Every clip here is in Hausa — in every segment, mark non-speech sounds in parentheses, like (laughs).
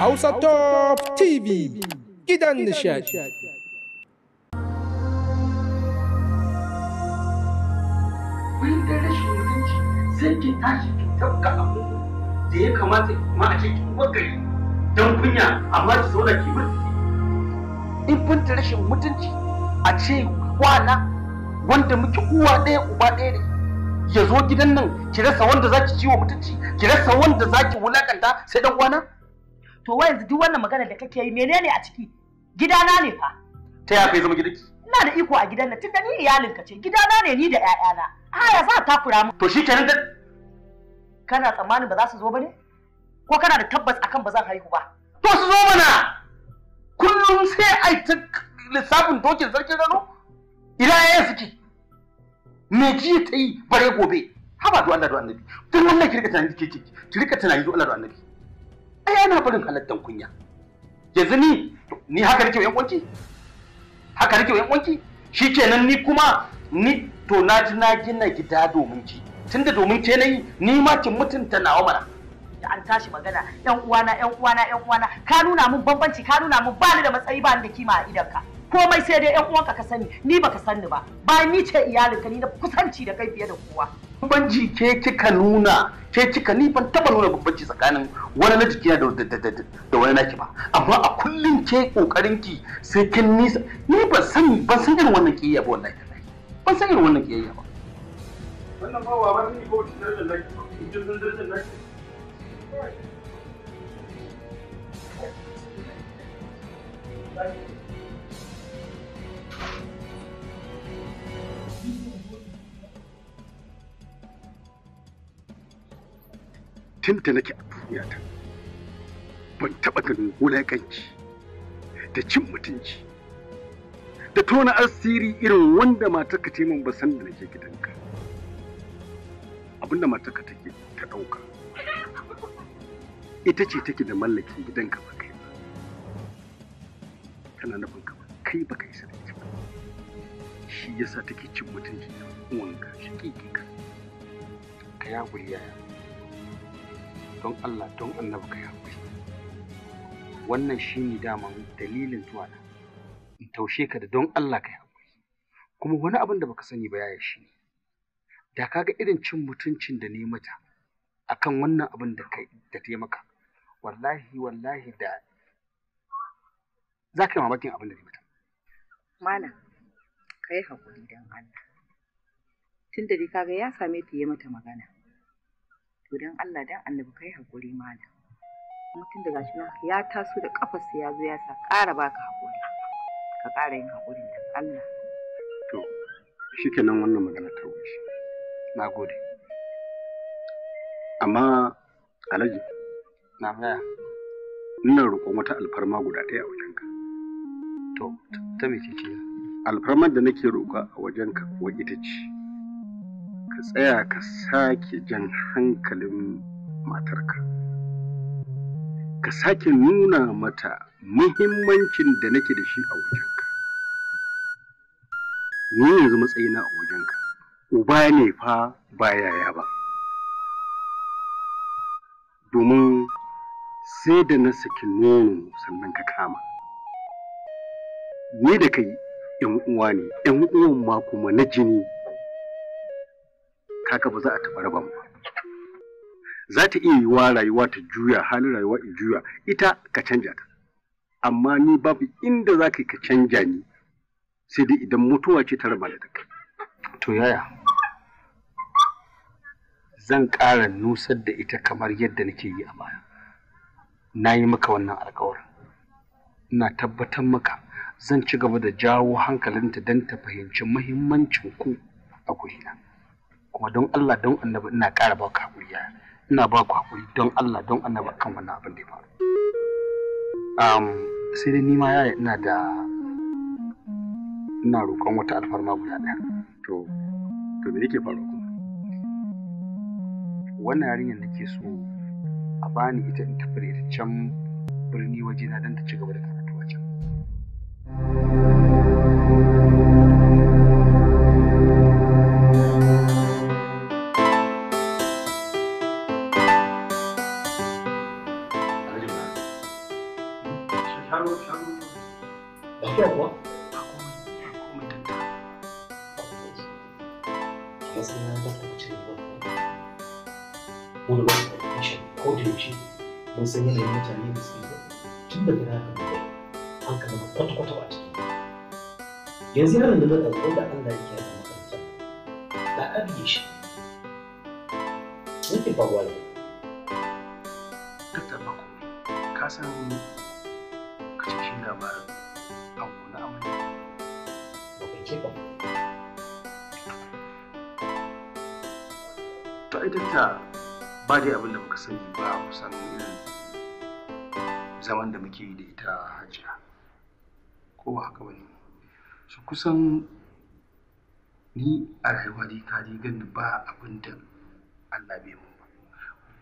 Hausa Top TV gidan nishadi. Kun da rashin mutunci sai ki tashi ki tafka abu da ya kamata ma a ce ki wakari don kunya amma ki zauna ki mutunci. In kun da rashin mutunci a ce kwana wanda muke uwa ɗaya uba ɗaya da ya zo gidan nan ki rasa wanda za ki ciwo mutunci ki rasa wanda za ki wulakanta sai ɗan kwana. to wai yanzu duk wannan magana da kake yi menene a ciki gidana ne fa ta ya kai zama gidanki ina da iko a gidan nan tunda ni iyalin ka ce gidana ne ni da ƴaƴana ah, ya za ta fura mu to shikenan da kana tsammanin ba za su zo ba ne ko kana da tabbas akan ba zan haihu ba to su zo mana kullum sai ai ta lissafin dokin sarkin rano ina yaya suke me ji ta yi bare gobe haba do Allah do annabi tun wannan ki rika tunani ki ki rika tunani do Allah do annabi ai ana barin halattan kunya yanzu ni ni haka nake yan kwanci haka nake yan kwanci shikenan ni kuma ni to na ji na gina gida domin ki tunda domin ke nayi ni ma kin mutunta nawa mana da an tashi magana yan uwana yan uwana yan uwana ka nuna mun bambanci ka nuna mun bani da matsayi bani da kima a idanka komai sai dai yan uwanka ka sani ni baka sani ba bayan ni ce iyalinka ni na kusanci da kai fiye da kowa bambanci ke kika nuna ke kika ni ban taba nuna bambanci tsakanin wani na jikina da wani naki ba amma a kullum ke kokarin ki sai kin nisa ni ban san ban san irin wannan kiyayya ba wallahi ban san irin wannan kiyayya ba wannan ba wa ba ni ko tinar da naki ko tinar da naki Thank you. tun da nake a duniya ta ban taɓa ganin wulaƙanci da cin mutunci da tona asiri irin wanda matarka ta min ba san da nake gidanka abinda matarka take ta ɗauka ita ce take da mallakin gidanka ba kai ba tana nufin ka ba kai ba kai sai ta shi yasa take cin mutunci da uwanka shi ka ka ya guri yaya don Allah don annabi kai haƙuri wannan shine daman dalilin zuwa na in taushe ka da don Allah kai haƙuri kuma wani abin da baka sani ba yaya shi ne da kaga irin cin mutuncin da ne mata akan wannan abin da kai da ta maka wallahi wallahi da za ka yi mamakin abin da ne mata mana kai haƙuri don Allah tun da ka ga ya same ta yi mata magana to don Allah dan annabi kai hakuri malam mutum da gashi nan ya taso da ƙafarsa ya zo ya sa ƙara baka hakuri ka ƙara yin hakuri da Allah to shikenan wannan magana ta wuce na gode amma alhaji na gaya ina roƙon wata alfarma guda ɗaya a wajenka to ta mece ce alfarmar da nake roƙa a wajenka kuwa ita ce ka tsaya ka sake jan hankalin matarka ka sake nuna mata muhimmancin da nake da shi a wajenka ni yanzu matsayina a wajenka uba ne fa ba yaya ba domin sai da na saki nono sannan ka kama ni da kai 'yan uwa ne 'yan uwan ma kuma na jini kaga ba za a taɓa raba mu za ta iya yiwa rayuwa ta juya halin rayuwa in juya ita ka canja ta amma ni babu inda za ka canja ni sai dai idan mutuwa ce ta raba da kai to yaya zan ƙara nusar da ita kamar yadda nake yi a baya na yi maka wannan alkawar? ina tabbatar maka zan ci gaba da jawo hankalinta don ta fahimci muhimmancin ku a gurina. kuma don Allah don annabi ina ƙara ba ku hakuri yaya ina ba ku haƙuri don Allah don annabi kan wannan abin da ya faru um, sai dai nima yaya ina da ina roƙon wata alfarma guda ɗaya to to me yake faru kuma wannan yarinyar da ke so a bani ita in tafi da can birni waje na don ta ci gaba da karatu ko da lokacin admission ko da yaushe mun san yanayin mutane da suke tun daga na kan an kan kwata-kwata ba ciki yanzu yaron da na ɗauko da Allah ya kiyaye makaranta da ka biye shi yake faruwa ne duk da ba ka san ka cikin labarin abu na amurka ba kai ke ba to ai duk ba dai abin da muka sani ba kusan irin zaman da muke yi da ita hajiya ko ba haka ba ne su kusan ni a rayuwa dai ka dai gani ba abin da Allah bai mun ba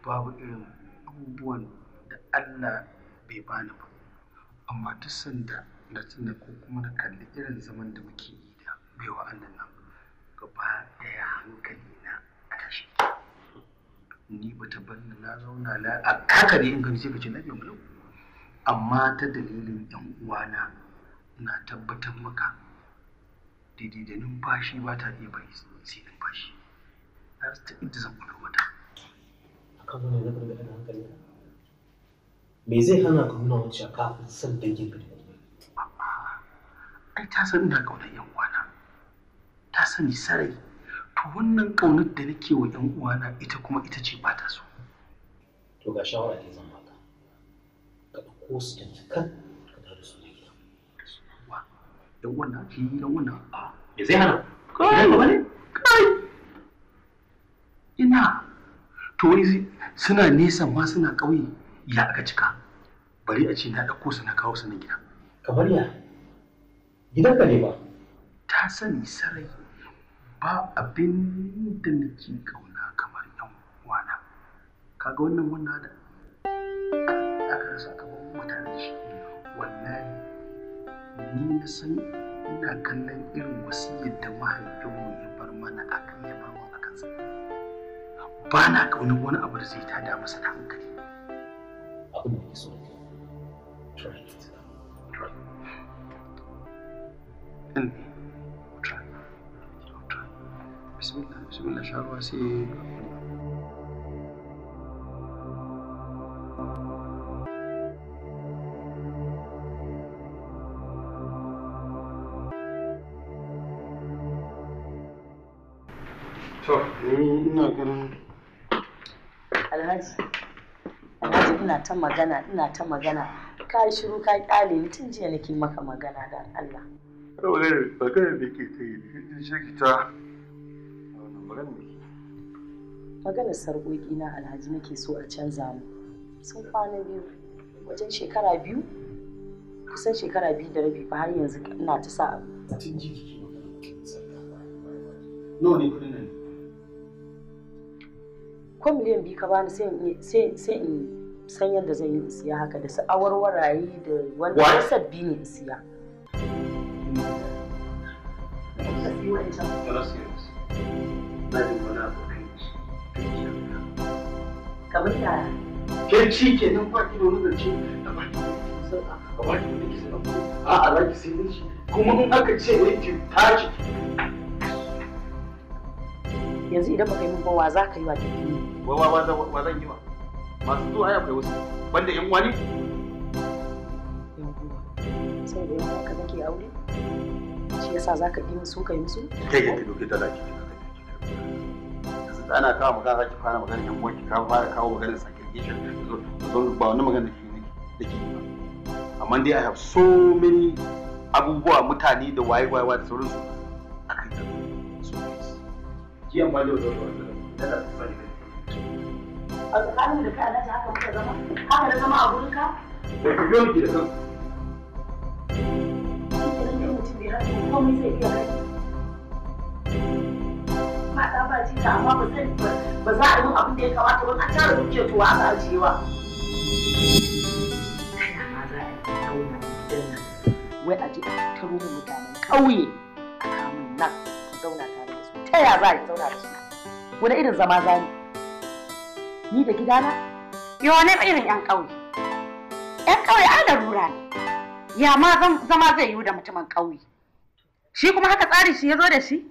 babu irin abubuwan da Allah bai bani ba amma duk sanda na tuna ko kuma na kalli irin zaman da muke yi da baiwa Allah nan gaba ɗaya hankali ni ba ta banna na zauna la a kaka da in gani sai ka ce na biyu amma ta dalilin yan uwana na tabbatar maka daidai da numfashi ba ta iya bari sai numfashi na ta inda zan kula mata akan wani na karbi ana hankali me zai hana ka nuna wacce kafin san dangin ka ai ta san ina kaunar yan uwana ta sani sarai to wannan ƙaunar da nake wa ‘yan uwana ita kuma ita ce ba ta so. To ga shawara ne zan baka. Ka ɗauko su da kan ka tare su ne gida. Dan wannan ke yi dan wannan a me zai hana? Kai ba ne? Kai. Ina to wai suna nesa ma suna ƙauye ya aka cika. Bari a ce na ɗauko su na kawo su nan gida. Kamar ya? Gidanka ne ba? Ta sani sarai ba abin da nake kauna kamar yan uwana kaga wannan wannan da aka rasa kamar mutane shi wallahi ni na san ina kallon irin wasiyar da mahaifinmu ya bar mana akan ya bar mana akan ba na kaunar wani abu da zai tada masa da hankali abin da ke so try it try mm. bismillah bismillah sha ruwa sai To, ina Alhaji, Alhaji ina ta magana, ina ta magana. Ka yi shiru ka kyale ni tun jiya nake maka magana da Allah. Kawai maganar da ke ta yi, shi ta Magana Maganar sarƙoƙi na Alhaji nake so a canza mu. Sun kwana biyu, wajen shekara biyu, kusan shekara biyu da rabi ba, har yanzu ina ta sa abu. jiki Nawa ne kuɗin nan? Ko miliyan biyu ka bani sai in san yadda zan yi in siya haka da su awarwaraye da wanda ya sabbi ne in Wa? Thank barin wani abu kai kamar yaya ke ci ke nan ba ki da wani zance da ba ki da ba da kisa a a za ki sai da shi kuma in aka ce ne ki tashi yanzu idan baka yi min bawa za ka yi wa ta yi wa wa wa zan yi wa masu zuwa ya kai wasu banda yan wani sai da yan ka ke aure shi yasa za ka yi musu ka yi musu kai ga ki doke talaki da ana kawo magana zaki fara magana yan uwanki ka fara kawo magana segregation don ba wani magana da ke da ke ba amma dai i have so many abubuwa mutane da waye waye da sauransu a kan da su ki amma da wannan da a tsakanin da kai na haka muka zama haka da zama a gurin ka da ku biyo ki da kan mutum bai rasa komai zai iya kai ta amma ba zai ba za a yi abin da ya kamata ba a tara dukiyar to aka ajiyewa kana ma za a yi ta wannan gidan wai a je a taro mu mutanen ƙauye a kamun nan ta zauna tare da su ta ya za a yi zauna da su wani irin zama za ni ni da gidana yo ne irin ƴan ƙauye yan ƙauye ai larura ne ya ma zama zai yiwu da mutumin ƙauye shi kuma haka tsarin shi ya zo da shi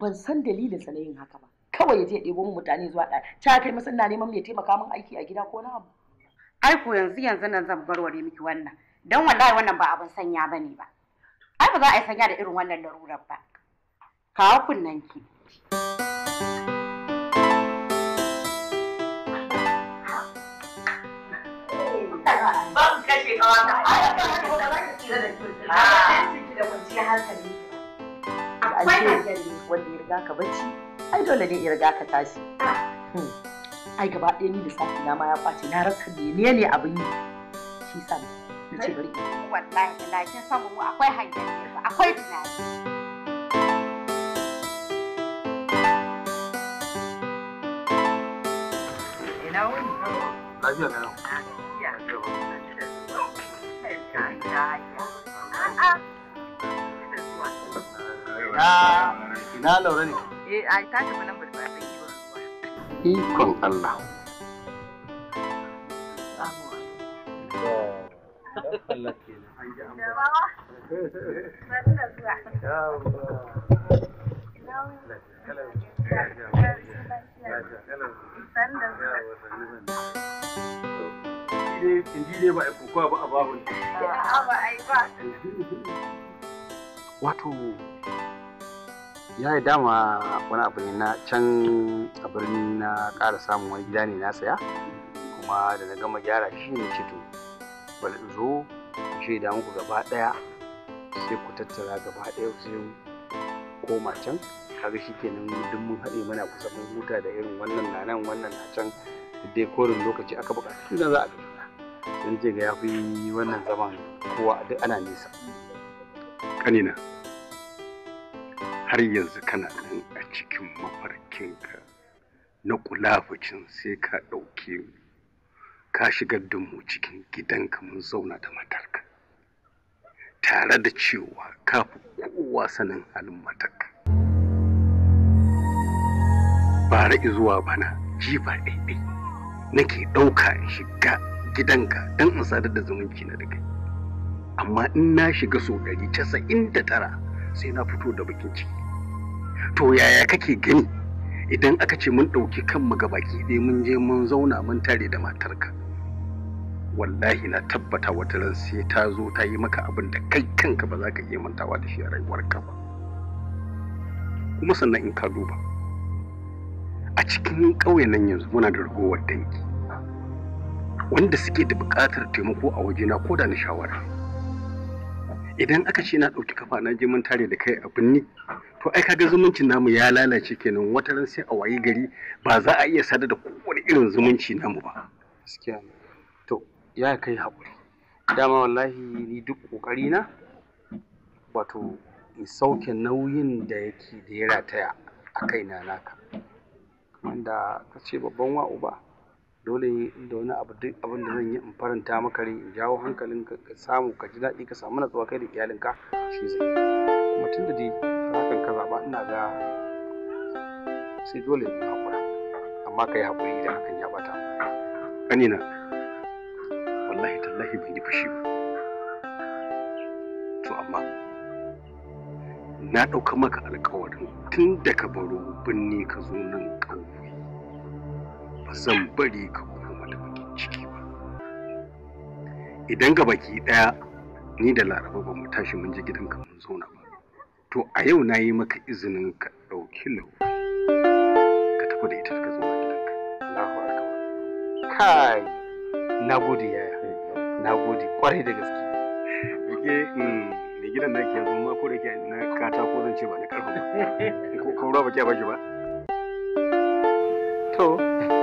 ban san dalilin sa na yin haka ba kawai ya je ɗebo mu mutane zuwa ɗaya ta kai masan na neman mai taimaka min aiki a gida ko na abu ai ko yanzu yanzu nan zan barware miki wannan dan wallahi wannan ba abin sanya bane ba ai ba za a yi sanya da irin wannan larurar ba kawo kunnan ki Ban kashe ai ba ka ba za ki tsira kashe kawata. ba ka ka ai dole ne in riga ka tashi hmm. ai gaba ɗaya ni lissafi na ma ya kwace na rasa menene abin yi shi sa na ce bari wallahi da kin mu akwai hanyar akwai tunani ina wuni lafiya ne eh ai ta tafi nan ba ta yi ba ikon Allah Wato ya yi dama wani abu ne na can a birni na ƙara samun wani gida ne na saya kuma da na gama gyara shi ne cito bari zo zo shaida muku gaba ɗaya sai ku tattara gaba ɗaya sai koma can kaga shi kenan duk mun haɗe mana kusa mun huta da irin wannan na nan wannan na can dai korin lokaci aka buƙata da za a tafi don ce ga ya fi wannan zaman kowa duk ana nesa ƙanina har yanzu kana nan a cikin mafarkinka na kulafacin sai ka ɗauke mu ka shigar da mu cikin gidanka mun zauna da matarka tare da cewa ka fi kowa sanin halin matarka bare zuwa bana jifa ɗaiɗai nake ɗauka in shiga gidanka don in sadar da zumunci na da amma in na shiga so ɗari casa'in da tara sai na fito da bakin ciki to yaya kake gani idan aka ce mun ɗauki kanmu ga baki dai mun je mun zauna mun tare da matarka wallahi na tabbata wata ran sai ta zo ta yi maka abin da kai kanka ba za ka iya mantawa da shi a rayuwarka ba kuma sannan in ka duba a cikin ƙauye nan yanzu muna da ragowar dangi wanda suke da buƙatar taimako a wajena ko da na shawara idan aka ce na ɗauki kafa na je mun tare da kai a binni to ai kaga zumuncin namu ya lalace kenan wata ran sai a wayi gari ba za a iya sadar da kowane irin zumunci namu ba gaskiya to ya kai haƙuri dama wallahi ni duk ƙoƙari na wato in sauke nauyin da yake da ya rataya a kaina naka wanda ka ce babban wa'u ba. dole da wani abu duk abin da zan yi in faranta maka rai in jawo hankalin ka samu ka ji daɗi ka samu natsuwa kai da iyalinka shi zai kuma tun da dai hakan ka zaɓa ina ga sai dole in haƙura amma ka yi haƙuri idan hakan ya bata na. wallahi tallahi ban yi fushi ba to amma na ɗauka maka alƙawarin tun da ka baro binne ka zo nan ƙauye ba zan bari ka koma da bakin ciki ba idan ga baki daya ni da laraba ba mu tashi mun je gidanka mun zauna ba to a yau na yi maka izinin ka ɗauki lau ka tafi da ita ka zauna gidanka Allahu akbar kai na gode ya na gode kwarai da gaske ke mm, mai gidan na ke zama ko da ke na ko zan ce ba na karfa ba (laughs) ko kaura ba ke ba shi ba to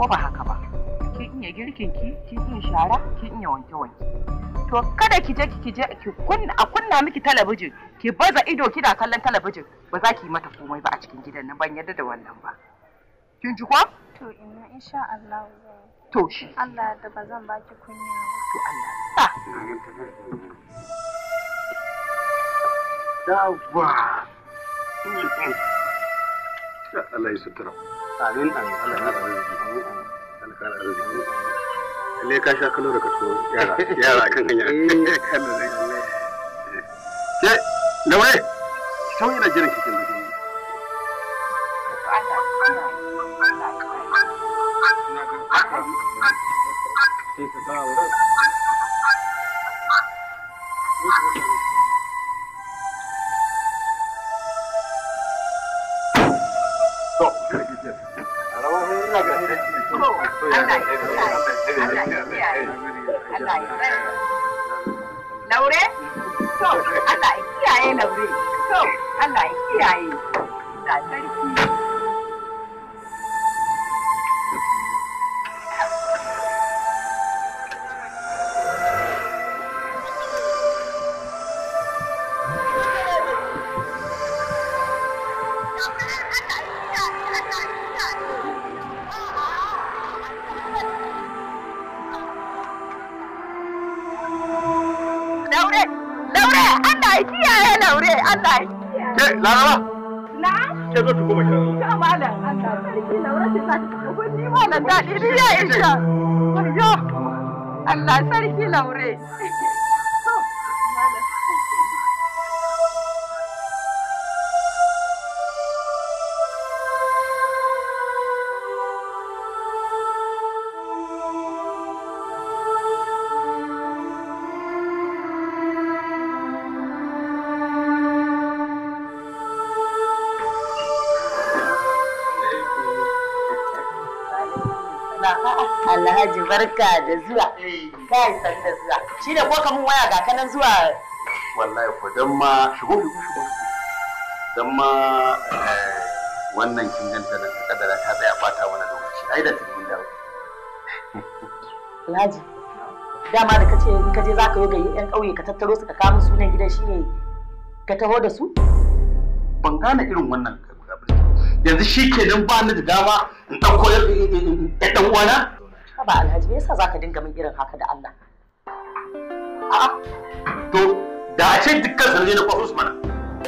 ko ba haka ba ki iya girkin ki ki iya shara ki iya wanke wanke to kada ki je ki je ki kunna a kunna miki talabijin ki baza ido kina kallon talabijin ba za ki yi mata komai ba a cikin gidan nan ban yarda da wannan ba kin ji ko to ina insha Allah to shi Allah da ba zan baki kunya ba to Allah ba Yawwa! Allah ya sutura. amin amin Allah Thank you. wallahi. Ke laraba? Na'am. Ke zo Allah sarki ni ni ya isha. Yo. Allah sarki laure. alhaji barka da zuwa kai san da zuwa shi da ko kamun waya ga kanan zuwa wallahi ko dan ma shigo shigo shigo dan ma eh, wannan kin ganta da kadara ta tsaya bata wani lokaci ai da tilmin da. alhaji dama da kace in kaje zaka yi gayi yan kauye ka tattaro su ka kawo musu sunan gidan shine ka taho da su ban gane irin wannan yanzu shi ke nan ba ni da dama in ɗauko ɗan uwana ba Alhaji me yasa zaka dinga min irin haka da Allah? To da a ce dukkan sarari na kwaso mana.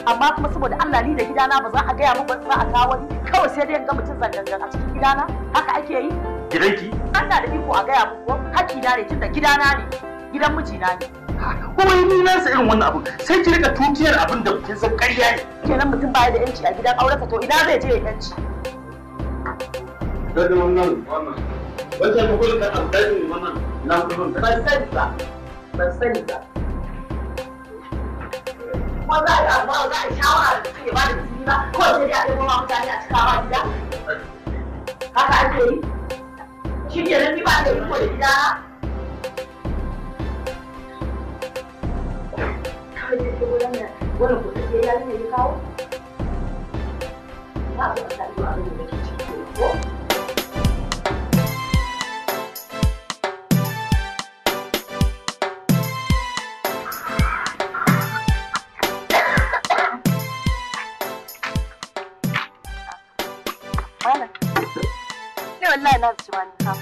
Amma kuma saboda Allah ni da gidana ba za a gaya muku ba za a kawo ni kawai sai dai ga mutum zangangan a cikin gidana haka ake yi. Gidanki? Allah da iko a gaya muku ko na ne tunda gidana ne gidan mijina ne. kuma yi nuna sa irin wannan abu sai ki rika tutiyar abin da kin san ƙarya ne kenan mutum baya da yanci a gidan aurensa to ina zai je ya yanci da wannan wannan wancan ba kullum da alƙalin wannan na kullum da ban sani ba ban sani ba ko za a yi ba za a yi shawara da suke ba da jini ba ko sai dai a ɗauko mutane a cikin ba gida haka ake yi shi ke nan ba da riko da gida kawai da ke wurin da wani kuɗi ya yi kawo ba a zo a sami wa abin da ke ci. love you ka.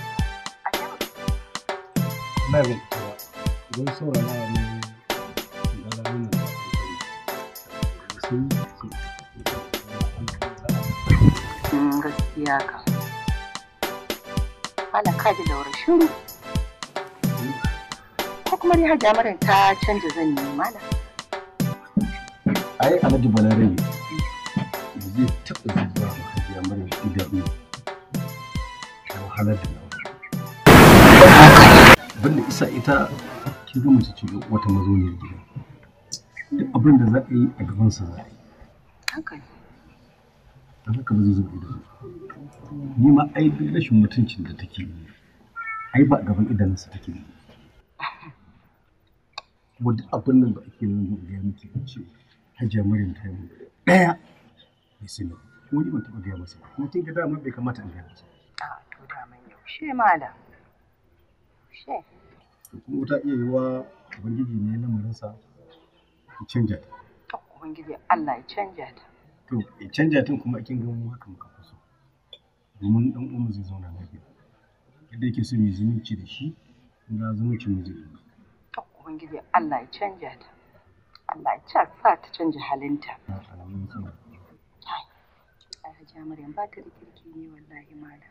Ana kaji da wurin mm, shiru. Ko kuma dai hajji ta canza zan mana. Ai, Alhaji Balarabe, zai taɓa zuwa hajji amarin idan wahalar da na abinda isa ita ki ga mace ce wata mazauniyar gida duk abin da za a yi a gaban sa za a yi haka haka ba zai zo ido ni ma ai duk rashin mutuncin da take yi ai ba gaban sa take yi kuma duk abin nan da ake nan da ya muke ce hajiya maryam ta yi daya bai sani ko ni ban taɓa gaya masa ko tun ga dama bai kamata in gaya masa yaushe malam yaushe kuma ta iya yiwa ubangiji ne lamarinsa ya canja ta ubangiji Allah ya canja ta to ya canja ta kuma kin ga mu haka muka faso domin dan uwan zai zauna lafiya yadda yake so mai zumunci da shi ga zumunci mu zai to ubangiji Allah ya canja ta Allah ya sa ta canja halinta alamun sama ai ai Hajiya Maryam ba ta da kirki ne wallahi malam